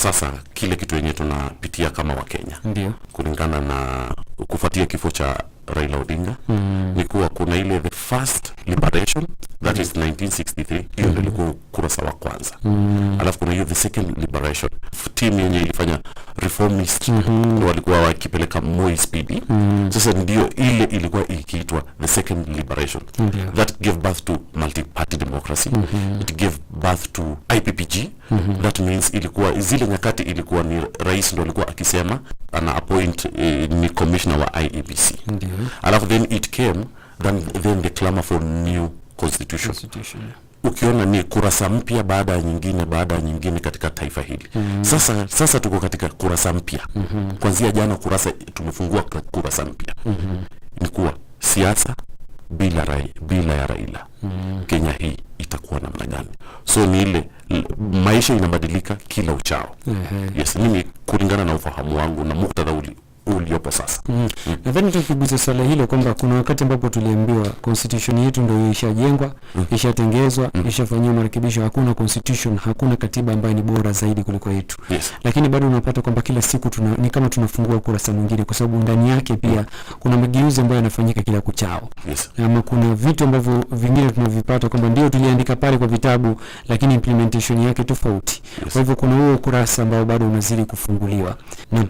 sasa kile kitu yenye tunapitia kama Wakenya kulingana na kufuatia kifo cha Raila Odinga mm. ni kuwa kuna ile the first liberation that is 1963 hiyo ndio ilikuwa ukurasa wa kwanza mm. alafu kuna hiyo the second liberation team yenye ilifanya reformist mm -hmm. walikuwa wakipeleka Moi Spidi mm. sasa ndio ile ilikuwa ikiitwa the second liberation mm -hmm. that gave birth to multi party democracy mm -hmm. it gave birth to IPPG mm -hmm. that means ilikuwa zile nyakati ilikuwa ni rais ndio alikuwa akisema ana appoint eh, ni commissioner wa IEBC mm -hmm. alafu then it came then, then the clamor for new constitution, constitution. Ukiona ni kurasa mpya baada ya nyingine baada ya nyingine katika taifa hili mm -hmm. Sasa, sasa tuko katika kurasa mpya mm -hmm. Kuanzia jana kurasa tumefungua kurasa mpya mm -hmm. Ni kuwa siasa bila rai, bila ya Raila mm -hmm. Kenya hii itakuwa namna gani? So ni ile maisha inabadilika kila uchao mm -hmm. Yes, mimi kulingana na ufahamu wangu na muktadha uliopo sasa. Mm. Mm. Nadhani tukiguza swala hilo kwamba kuna wakati ambapo tuliambiwa constitution yetu ndio ishajengwa, mm. ishatengezwa, mm. ishafanyiwa marekebisho. Hakuna constitution, hakuna katiba ambayo ni bora zaidi kuliko yetu. Yes. Lakini bado unapata kwamba kila siku tuna, ni kama tunafungua ukurasa mwingine kwa sababu ndani yake pia mm. kuna mageuzi ambayo yanafanyika kila kuchao. Yes. Ama kuna vitu ambavyo vingine tunavipata kwamba ndio tuliandika pale kwa vitabu lakini implementation yake tofauti. Yes. Kwa hivyo kuna huo ukurasa ambao bado unazidi kufunguliwa. Naam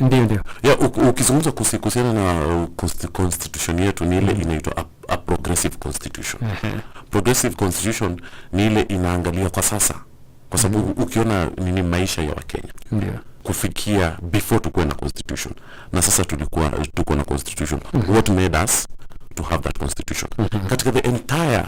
ndio ndio ya ukizungumza kuhusiana na uh, constitution yetu ni ile mm-hmm. inaitwa a progressive constitution. Mm-hmm. Progressive constitution ni ile inaangalia kwa sasa, kwa sababu mm-hmm. ukiona nini maisha ya Wakenya ndio kufikia before tukuwe na constitution na sasa tulikuwa tuko na constitution. mm-hmm. What made us to have that constitution? mm-hmm. Katika the entire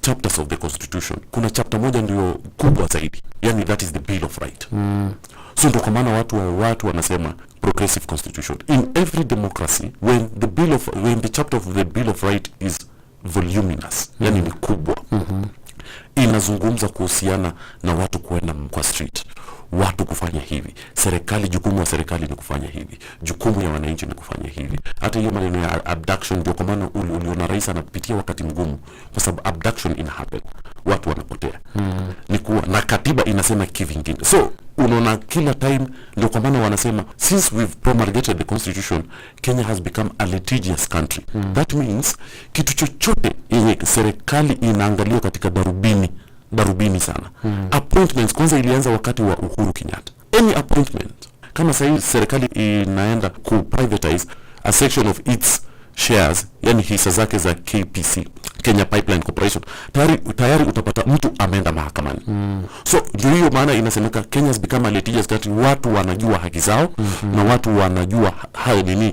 chapters of the constitution kuna chapter moja ndio kubwa zaidi, yani that is the bill of right. mm. So ndio kwa maana watu wa watu wanasema progressive constitution. In every democracy when the bill of when the chapter of the bill of right is voluminous, mm -hmm. yani ni kubwa mm -hmm. inazungumza kuhusiana na watu kuenda kwa street watu kufanya hivi, serikali, jukumu wa serikali ni kufanya hivi, jukumu ya wananchi ni kufanya hivi. Hata hiyo maneno ya abduction, ndio kwa maana uliona rais anapitia wakati mgumu, kwa sababu abduction ina happen, watu wanapotea mm. ni kuwa na katiba inasema kivingine so unaona kila time ndio kwa maana wanasema since we've promulgated the constitution Kenya has become a litigious country mm. That means kitu chochote yenye serikali inaangaliwa katika darubini darubini sana mm. Appointments kwanza ilianza wakati wa Uhuru Kenyatta. Any appointment kama sasa serikali inaenda ku privatize a section of its shares, yani hisa zake za KPC Kenya Pipeline Corporation, tayari tayari utapata mtu ameenda mahakamani mm. So ndio hiyo maana inasemeka Kenya has become a litigious country, watu wanajua haki zao mm -hmm. na watu wanajua hayo nini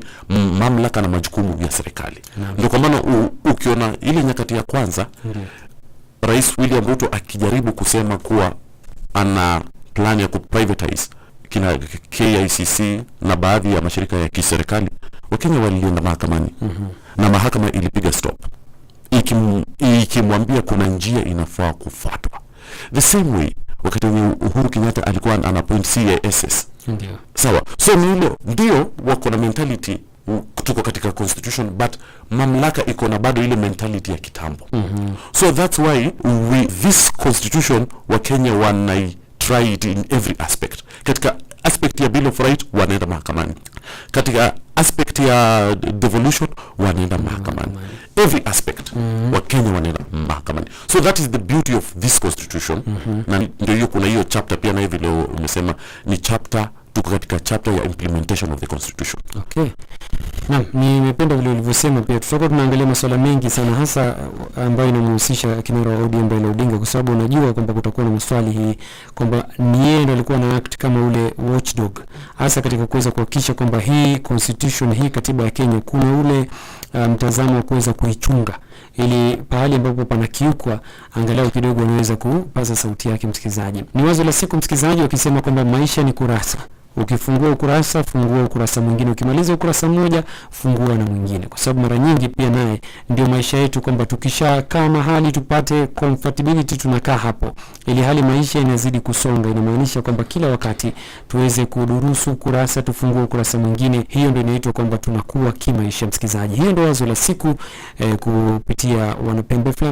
mamlaka na majukumu ya serikali mm Ndio kwa maana ukiona ile nyakati ya kwanza mm Rais William Ruto akijaribu kusema kuwa ana plan ya kuprivatize kina KICC na baadhi ya mashirika ya kiserikali, Wakenya walienda mahakamani mm -hmm. na mahakama ilipiga stop ukimwambia kuna njia inafaa kufuatwa. The same way wakati Uhuru Kenyatta alikuwa anapoint CASS. Ndio. Sawa. So ni ndio wako na mentality tuko katika constitution but mamlaka iko na bado ile mentality ya kitambo. Mm -hmm. So that's why we, this constitution wa Kenya wanai try it in every aspect. Katika aspect ya bill of right wanaenda mahakamani, katika aspect ya devolution wanaenda mahakamani, mm-hmm. every aspect mm -hmm. wa Kenya wanaenda mahakamani, so that is the beauty of this constitution mm -hmm. na ndio hiyo, kuna hiyo chapter pia na hivi leo umesema ni chapter tuko katika chapter ya implementation of the constitution. Okay. na nimependa vile ulivyosema pia. Tutakuwa tunaangalia masuala mengi sana hasa uh, ambayo inamhusisha kinara wa ODM Raila Odinga kwa sababu unajua kwamba kutakuwa na maswali hii kwamba ni yeye ndiye alikuwa na act kama ule watchdog hasa katika kuweza kuhakikisha kwamba hii constitution hii katiba ya Kenya kuna ule uh, mtazamo um, wa kuweza kuichunga ili pahali ambapo panakiukwa angalau kidogo anaweza kupaza sauti yake msikilizaji. Ni wazo la siku msikilizaji, wakisema kwamba maisha ni kurasa Ukifungua ukurasa, fungua ukurasa mwingine. Ukimaliza ukurasa mmoja, fungua na mwingine, kwa sababu mara nyingi pia naye ndio maisha yetu, kwamba tukishakaa mahali tupate compatibility tunakaa hapo, ili hali maisha inazidi kusonga. Inamaanisha kwamba kila wakati tuweze kudurusu ukurasa, tufungue ukurasa mwingine. Hiyo ndio inaitwa kwamba tunakuwa kimaisha, msikizaji. Hiyo ndio wazo la siku eh, kupitia Wanapembe